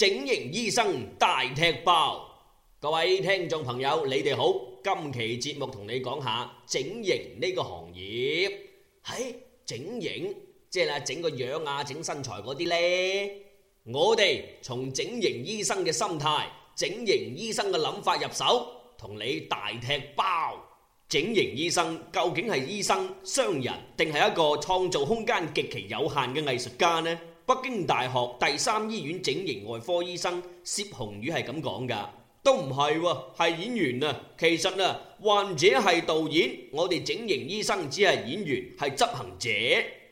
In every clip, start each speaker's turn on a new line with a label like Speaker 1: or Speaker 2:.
Speaker 1: 整形醫生大踢爆，各位聽眾朋友，你哋好。今期節目同你講下整形呢個行業係整形，即係啦，整個樣啊，整身材嗰啲呢。我哋從整形醫生嘅心態、整形醫生嘅諗法入手，同你大踢爆。整形醫生究竟係醫生、商人，定係一個創造空間極其有限嘅藝術家呢？北京大學第三醫院整形外科醫生薛紅宇係咁講噶，都唔係喎，係演員啊。其實啊，患者係導演，我哋整形醫生只係演員，係執行者。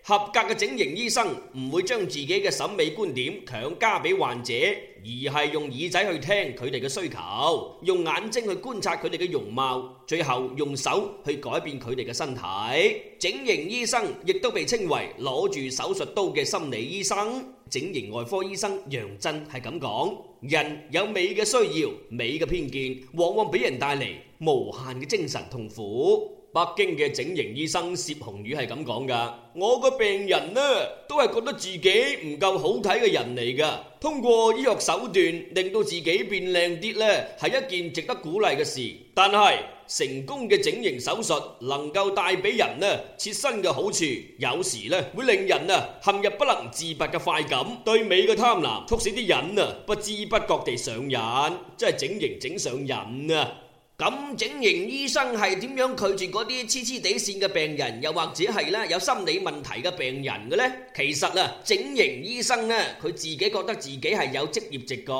Speaker 1: 合格嘅整形醫生唔會將自己嘅審美觀點強加俾患者，而係用耳仔去聽佢哋嘅需求，用眼睛去觀察佢哋嘅容貌，最後用手去改變佢哋嘅身體。整形醫生亦都被稱為攞住手術刀嘅心理醫生。整形外科醫生楊真係咁講：人有美嘅需要，美嘅偏見往往俾人帶嚟無限嘅精神痛苦。北京嘅整形醫生薛紅宇係咁講噶：我個病人呢，都係覺得自己唔夠好睇嘅人嚟噶。通過醫學手段令到自己變靚啲呢，係一件值得鼓勵嘅事。但係成功嘅整形手術能夠帶俾人呢切身嘅好處，有時呢會令人啊陷入不能自拔嘅快感，對美嘅貪婪促使啲人啊不知不覺地上癮，真係整形整上癮啊！咁整形醫生係點樣拒絕嗰啲黐黐地線嘅病人，又或者係咧有心理問題嘅病人嘅呢？其實啊，整形醫生咧，佢自己覺得自己係有職業直覺，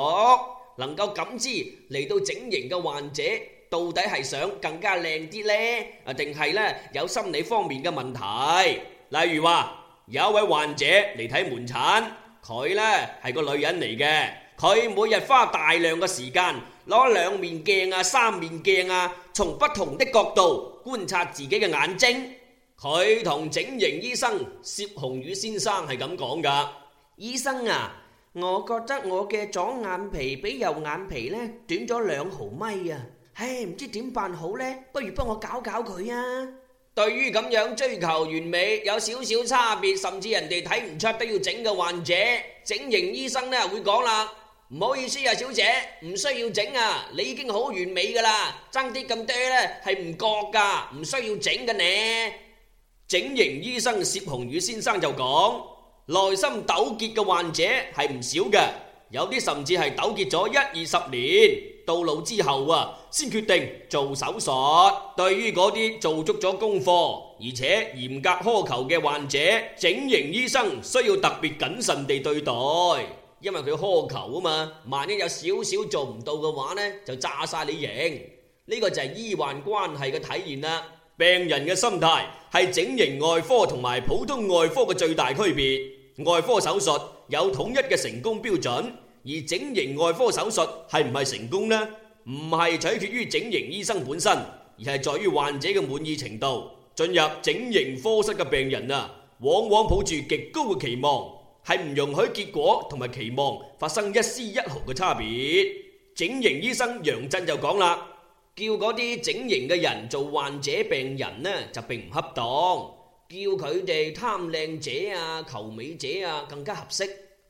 Speaker 1: 能夠感知嚟，到整形嘅患者到底係想更加靚啲呢？啊，定係咧有心理方面嘅問題。例如話有一位患者嚟睇門診，佢咧係個女人嚟嘅，佢每日花大量嘅時間。攞兩面鏡啊，三面鏡啊，從不同的角度觀察自己嘅眼睛。佢同整形醫生薛紅宇先生係咁講噶。醫生啊，我覺得我嘅左眼皮比右眼皮呢短咗兩毫米啊，唉，唔知點辦好呢，不如幫我搞搞佢啊。對於咁樣追求完美、有少少差別甚至人哋睇唔出都要整嘅患者，整形醫生呢會講啦。唔好意思啊，小姐，唔需要整啊，你已經好完美噶啦，爭啲咁嗲呢係唔覺噶，唔需要整嘅呢。整形醫生薛紅宇先生就講，：內心糾結嘅患者係唔少嘅，有啲甚至係糾結咗一二十年到老之後啊，先決定做手術。對於嗰啲做足咗功課而且嚴格苛求嘅患者，整形醫生需要特別謹慎地對待。因為佢苛求啊嘛，萬一有少少做唔到嘅話呢，就炸晒你贏。呢個就係醫患關係嘅體現啦。病人嘅心態係整形外科同埋普通外科嘅最大區別。外科手術有統一嘅成功標準，而整形外科手術係唔係成功呢？唔係取決於整形醫生本身，而係在於患者嘅滿意程度。進入整形科室嘅病人啊，往往抱住極高嘅期望，係唔容許結果同埋期望發生一絲一毫嘅差別。整形醫生楊振就講啦，叫嗰啲整形嘅人做患者、病人呢，就並唔恰當，叫佢哋貪靚者啊、求美者啊，更加合適。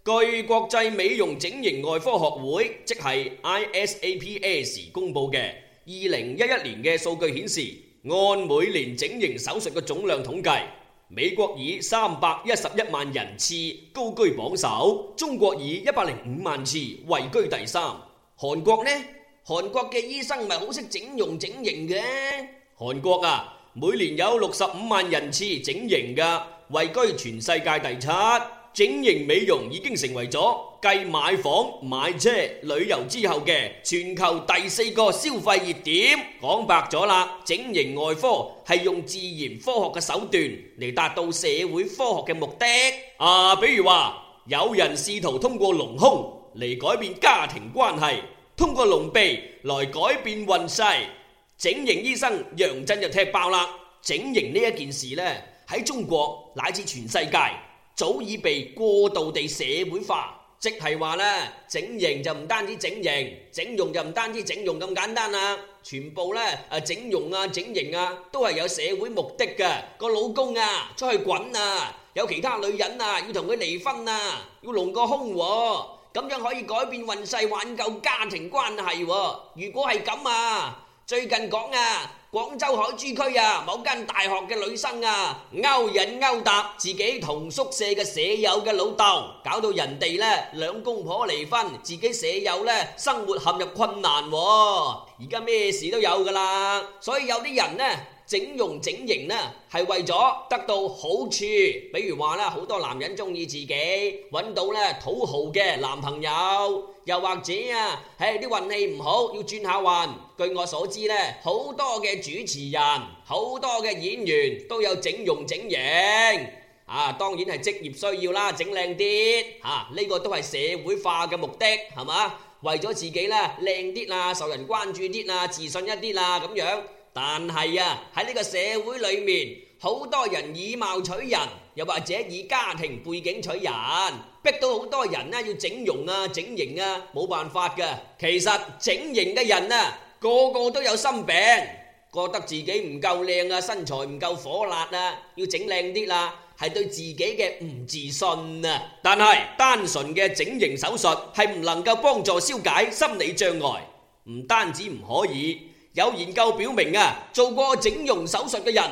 Speaker 1: 據國際美容整形外科學會，即係 ISAPS 公布嘅二零一一年嘅數據顯示，按每年整形手術嘅總量統計。美國以三百一十一萬人次高居榜首，中國以一百零五萬次位居第三。韓國呢？韓國嘅醫生咪好識整容整形嘅？韓國啊，每年有六十五萬人次整形㗎，位居全世界第七。整形美容已經成為咗繼買房、買車、旅遊之後嘅全球第四個消費熱點，講白咗啦，整形外科係用自然科學嘅手段嚟達到社會科學嘅目的。啊，比如話有人試圖通過隆胸嚟改變家庭關係，通過隆鼻嚟改變運勢。整形醫生楊振就踢爆啦，整形呢一件事呢，喺中國乃至全世界早已被過度地社會化。即係話咧，整形就唔單止整形，整容就唔單止整容咁簡單啦，啊。全部咧，誒，整容啊，整形啊，都係有社會目的嘅。個老公啊，出去滾啊，有其他女人啊，要同佢離婚啊，要隆個胸喎，咁樣可以改變運勢，挽救家庭關係喎。如果係咁啊，最近講啊。廣州海珠區啊，某間大學嘅女生啊，勾引勾搭自己同宿舍嘅舍友嘅老豆，搞到人哋呢兩公婆離婚，自己舍友呢生活陷入困難、啊。而家咩事都有㗎喇，所以有啲人呢。整容整形呢係為咗得到好處，比如話呢，好多男人中意自己揾到呢土豪嘅男朋友，又或者啊，唉啲運氣唔好要轉下運。據我所知呢，好多嘅主持人、好多嘅演員都有整容整形，啊，當然係職業需要啦，整靚啲，嚇、啊、呢、呢個都係社會化嘅目的，係嘛？為咗自己呢靚啲啦，受人關注啲啦，自信一啲啦，咁樣。但係啊，喺呢個社會裏面，好多人以貌取人，又或者以家庭背景取人，逼到好多人咧、啊、要整容啊、整形啊，冇辦法噶。其實整形嘅人啊，個個都有心病，覺得自己唔夠靚啊，身材唔夠火辣啊，要整靚啲啦，係對自己嘅唔自信啊。但係單純嘅整形手術係唔能夠幫助消解心理障礙，唔單止唔可以。有研究表明啊，做過整容手術嘅人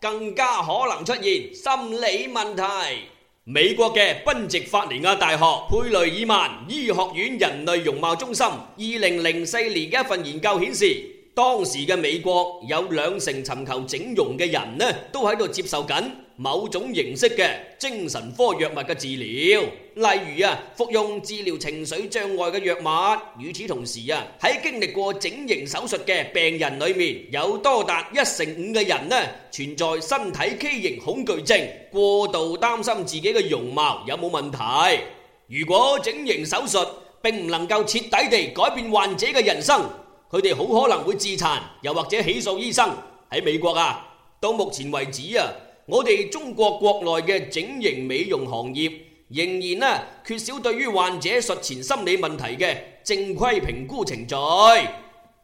Speaker 1: 更加可能出現心理問題。美國嘅賓夕法尼亞大學佩雷爾曼醫學院人類容貌中心二零零四年嘅一份研究顯示，當時嘅美國有兩成尋求整容嘅人呢，都喺度接受緊，某種形式嘅精神科藥物嘅治療，例如啊，服用治療情緒障礙嘅藥物。與此同時啊，喺經歷過整形手術嘅病人裏面，有多達一成五嘅人呢，存在身體畸形恐懼症，過度擔心自己嘅容貌有冇問題。如果整形手術並唔能夠徹底地改變患者嘅人生，佢哋好可能會自殘，又或者起訴醫生。喺美國啊，到目前為止啊。我哋中國國內嘅整形美容行業仍然呢，缺少對於患者術前心理問題嘅正規評估程序。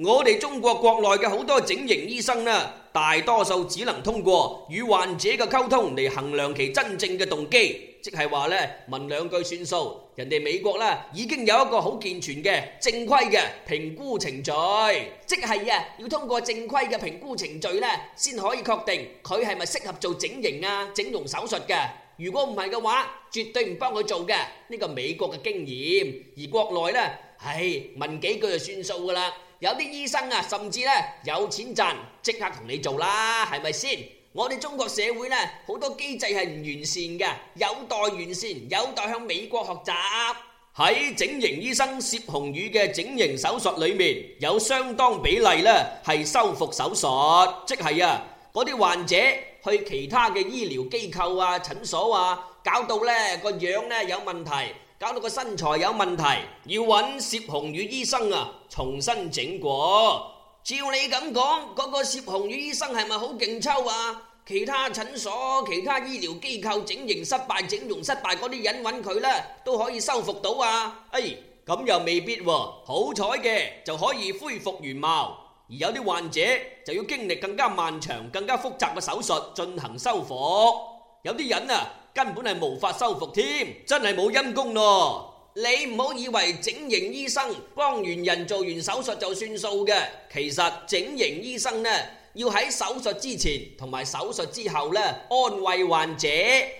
Speaker 1: 我哋中國國內嘅好多整形醫生呢，大多數只能通過與患者嘅溝通嚟衡量其真正嘅動機。即係話咧，問兩句算數。人哋美國咧已經有一個好健全嘅正規嘅評估程序，即係啊，要通過正規嘅評估程序咧，先可以確定佢係咪適合做整形啊、整容手術嘅。如果唔係嘅話，絕對唔幫佢做嘅。呢個美國嘅經驗，而國內咧，唉，問幾句就算數噶啦。有啲醫生啊，甚至咧有錢賺，即刻同你做啦，係咪先？我哋中國社會呢，好多機制係唔完善嘅，有待完善，有待向美國學習。喺整形醫生薛紅宇嘅整形手術裏面，有相當比例呢係修復手術，即係啊，嗰啲患者去其他嘅醫療機構啊、診所啊，搞到呢個樣呢有問題，搞到個身材有問題，要揾薛紅宇醫生啊，重新整過。照你咁講，嗰、那個薛紅宇醫生係咪好勁抽啊？其他診所、其他醫療機構整形失敗、整容失敗嗰啲人揾佢呢，都可以修復到啊？哎，咁又未必喎、啊。好彩嘅就可以恢復原貌，而有啲患者就要經歷更加漫長、更加複雜嘅手術進行修復。有啲人啊，根本係無法修復添，真係冇陰功咯、啊。你唔好以為整形醫生幫完人做完手術就算數嘅，其實整形醫生呢，要喺手術之前同埋手術之後呢，安慰患者，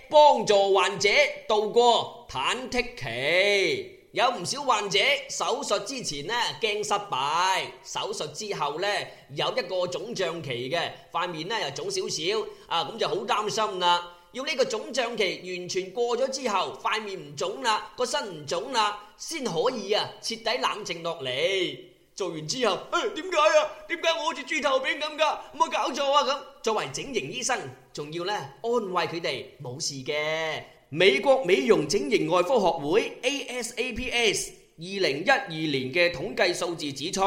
Speaker 1: 幫助患者度過忐忑期。有唔少患者手術之前呢驚失敗，手術之後呢有一個腫脹期嘅，塊面呢又腫少少，啊咁就好擔心啦。要呢個腫脹期完全過咗之後，塊面唔腫啦，個身唔腫啦，先可以啊，徹底冷靜落嚟。做完之後，誒，點解啊？點解我好似豬頭餅咁噶？唔好搞錯啊！咁作為整形醫生，仲要咧安慰佢哋冇事嘅。美國美容整形外科學會 ASAPS 二零一二年嘅統計數字指出，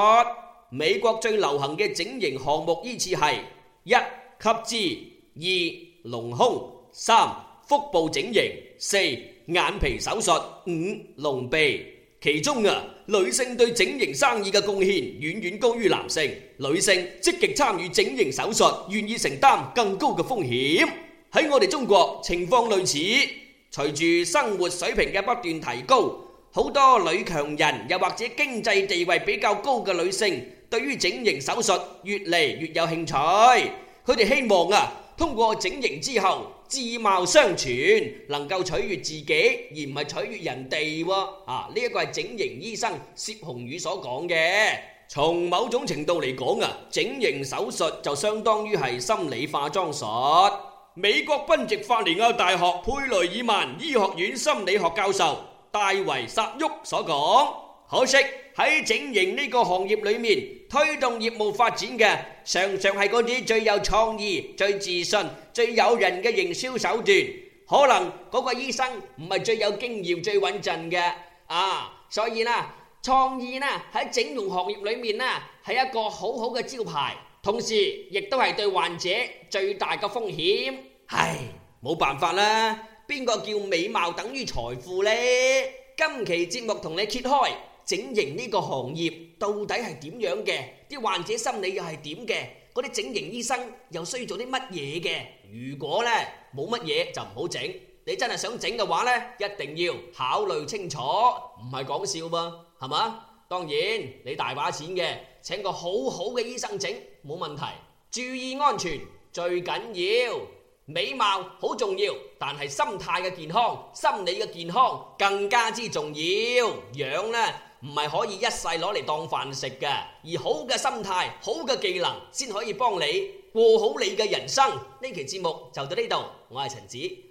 Speaker 1: 美國最流行嘅整形項目依次係一吸脂、二隆胸。三腹部整形，四眼皮手術，五隆鼻。其中啊，女性對整形生意嘅貢獻遠遠高於男性。女性積極參與整形手術，願意承擔更高嘅風險。喺我哋中國情況類似，隨住生活水平嘅不斷提高，好多女強人又或者經濟地位比較高嘅女性，對於整形手術越嚟越有興趣。佢哋希望啊，通過整形之後。智貌雙全，能夠取悦自己而唔係取悦人哋。啊！呢、這、一個係整形醫生薛紅宇所講嘅。從某種程度嚟講啊，整形手術就相當於係心理化妝術。美國賓夕法尼亞大學佩雷爾曼醫學院心理學教授戴維薩沃所講。可惜。喺整形呢個行業裏面，推動業務發展嘅，常常係嗰啲最有創意、最自信、最誘人嘅營銷手段。可能嗰個醫生唔係最有經驗、最穩陣嘅啊，所以呢，創意呢喺整容行業裏面呢，係一個好好嘅招牌，同時亦都係對患者最大嘅風險。唉，冇辦法啦，邊個叫美貌等於財富呢？今期節目同你揭開。整形呢個行業到底係點樣嘅？啲患者心理又係點嘅？嗰啲整形醫生又需要做啲乜嘢嘅？如果咧冇乜嘢就唔好整。你真係想整嘅話咧，一定要考慮清楚，唔係講笑嘛，係嘛？當然你大把錢嘅，請個好好嘅醫生整冇問題。注意安全最緊要，美貌好重要，但係心態嘅健康、心理嘅健康更加之重要。樣咧。唔係可以一世攞嚟當飯食嘅，而好嘅心態、好嘅技能，先可以幫你過好你嘅人生。呢期節目就到呢度，我係陳子。